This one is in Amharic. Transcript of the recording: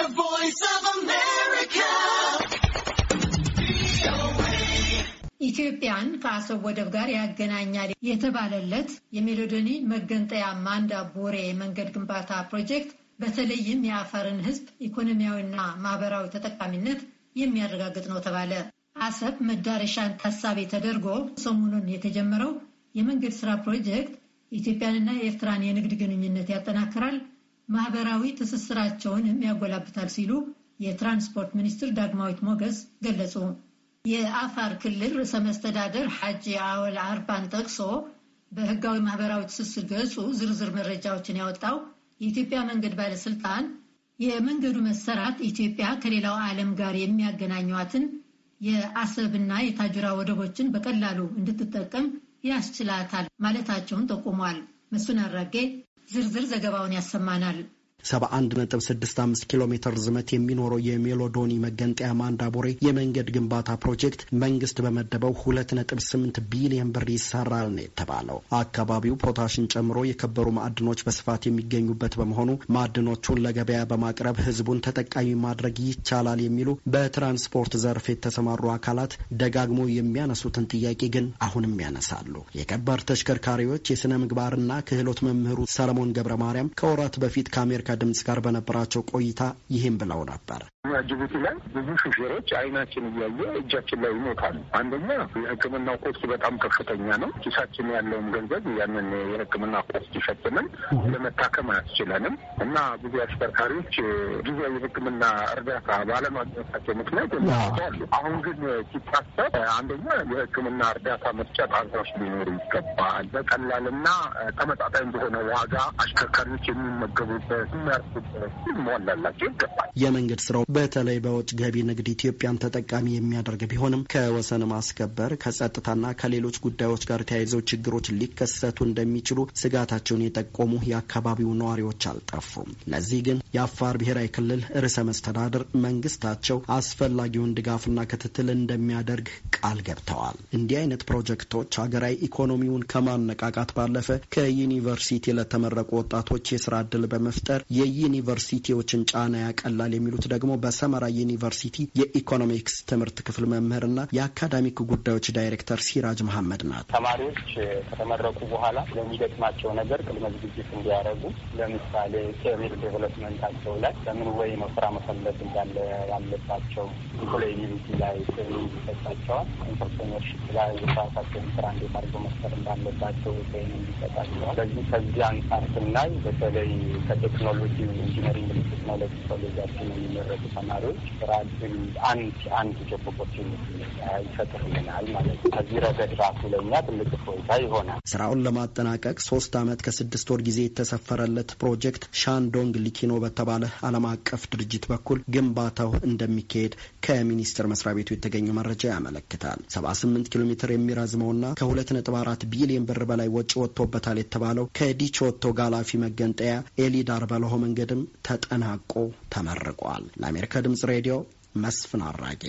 The Voice of America. ኢትዮጵያን ከአሰብ ወደብ ጋር ያገናኛል የተባለለት የሜሎዶኒ መገንጠያ ማንዳ ቦሬ የመንገድ ግንባታ ፕሮጀክት በተለይም የአፈርን ሕዝብ ኢኮኖሚያዊና ማህበራዊ ተጠቃሚነት የሚያረጋግጥ ነው ተባለ። አሰብ መዳረሻን ታሳቢ ተደርጎ ሰሞኑን የተጀመረው የመንገድ ስራ ፕሮጀክት ኢትዮጵያንና የኤርትራን የንግድ ግንኙነት ያጠናክራል ማህበራዊ ትስስራቸውንም ያጎላብታል ሲሉ የትራንስፖርት ሚኒስትር ዳግማዊት ሞገስ ገለጹ። የአፋር ክልል ርዕሰ መስተዳደር ሐጂ አወል አርባን ጠቅሶ በህጋዊ ማህበራዊ ትስስር ገጹ ዝርዝር መረጃዎችን ያወጣው የኢትዮጵያ መንገድ ባለስልጣን የመንገዱ መሰራት ኢትዮጵያ ከሌላው ዓለም ጋር የሚያገናኟትን የአሰብና የታጅራ ወደቦችን በቀላሉ እንድትጠቀም ያስችላታል ማለታቸውን ጠቁሟል። መስፍን አራጌ ዝርዝር ዘገባውን ያሰማናል። 71.65 ኪሎ ሜትር ዝመት የሚኖረው የሜሎዶኒ መገንጠያ ማንዳቦሬ የመንገድ ግንባታ ፕሮጀክት መንግስት በመደበው 2.8 ቢሊዮን ብር ይሰራል ነው የተባለው። አካባቢው ፖታሽን ጨምሮ የከበሩ ማዕድኖች በስፋት የሚገኙበት በመሆኑ ማዕድኖቹን ለገበያ በማቅረብ ህዝቡን ተጠቃሚ ማድረግ ይቻላል የሚሉ በትራንስፖርት ዘርፍ የተሰማሩ አካላት ደጋግሞ የሚያነሱትን ጥያቄ ግን አሁንም ያነሳሉ። የከባድ ተሽከርካሪዎች የስነ ምግባርና ክህሎት መምህሩ ሰለሞን ገብረ ማርያም ከወራት በፊት ከአሜሪካ ድምጽ ጋር በነበራቸው ቆይታ ይህም ብለው ነበር። ጅቡቲ ላይ ብዙ ሹፌሮች አይናችን እያየ እጃችን ላይ ይሞታሉ። አንደኛ የሕክምናው ኮስት በጣም ከፍተኛ ነው። ኪሳችን ያለውን ገንዘብ ያንን የሕክምና ኮስት ይሸጥንም ለመታከም አያስችለንም እና ብዙ አሽከርካሪዎች ጊዜ የሕክምና እርዳታ ባለማግኘታቸው ምክንያት ያሉ አሁን ግን ሲታሰብ አንደኛ የሕክምና እርዳታ መስጫ ጣቢያዎች ሊኖሩ ይገባል። በቀላልና ተመጣጣኝ በሆነ ዋጋ አሽከርካሪዎች የሚመገቡበት ሊሟላላቸው ይገባል። የመንገድ ስራው በተለይ በውጭ ገቢ ንግድ ኢትዮጵያን ተጠቃሚ የሚያደርግ ቢሆንም ከወሰን ማስከበር ከጸጥታና ከሌሎች ጉዳዮች ጋር ተያይዘው ችግሮች ሊከሰቱ እንደሚችሉ ስጋታቸውን የጠቆሙ የአካባቢው ነዋሪዎች አልጠፉም። ለዚህ ግን የአፋር ብሔራዊ ክልል ርዕሰ መስተዳድር መንግስታቸው አስፈላጊውን ድጋፍና ክትትል እንደሚያደርግ ቃል ገብተዋል። እንዲህ አይነት ፕሮጀክቶች ሀገራዊ ኢኮኖሚውን ከማነቃቃት ባለፈ ከዩኒቨርሲቲ ለተመረቁ ወጣቶች የስራ እድል በመፍጠር የዩኒቨርሲቲዎችን ጫና ያቀላል የሚሉት ደግሞ በሰመራ ዩኒቨርሲቲ የኢኮኖሚክስ ትምህርት ክፍል መምህርና የአካዳሚክ ጉዳዮች ዳይሬክተር ሲራጅ መሐመድ ናት። ተማሪዎች ከተመረቁ በኋላ ለሚገጥማቸው ነገር ቅድመ ዝግጅት እንዲያደርጉ ለምሳሌ ኬሪር ዴቨሎፕመንታቸው ላይ ለምን ወይ ነው ስራ መፈለግ እንዳለ ያለባቸው፣ ኢምፕሎያቢሊቲ ላይ ትሬኒንግ ይሰጣቸዋል። ኢንተርፕሬነርሽፕ ላይ የራሳቸውን ስራ እንዴት አድርገው መፍጠር እንዳለባቸው ትሬኒንግ ይሰጣቸዋል። ስለዚህ ከዚህ አንጻር ስናይ በተለይ ከቴክኖሎጂ ያሉት ኢንጂነሪንግ ቴክኖሎጂ ኮሌጃችን የሚመረጡ ተማሪዎች ራሱን አንድ አንድ ጆብ ኦፖርቹኒቲ ይፈጥርልናል ማለት ነው። ከዚህ ረገድ ራሱ ለእኛ ትልቅ ፎይታ ይሆናል። ስራውን ለማጠናቀቅ ሶስት አመት ከስድስት ወር ጊዜ የተሰፈረለት ፕሮጀክት ሻንዶንግ ሊኪኖ በተባለ ዓለም አቀፍ ድርጅት በኩል ግንባታው እንደሚካሄድ ከሚኒስቴር መስሪያ ቤቱ የተገኘ መረጃ ያመለክታል። 78 ኪሎ ሜትር የሚረዝመውና ከ2.4 ቢሊዮን ብር በላይ ወጪ ወጥቶበታል የተባለው ከዲቾቶ ጋላፊ መገንጠያ ኤሊዳር በሎ በመርሆ መንገድም ተጠናቆ ተመርቋል። ለአሜሪካ ድምጽ ሬዲዮ መስፍን አራጌ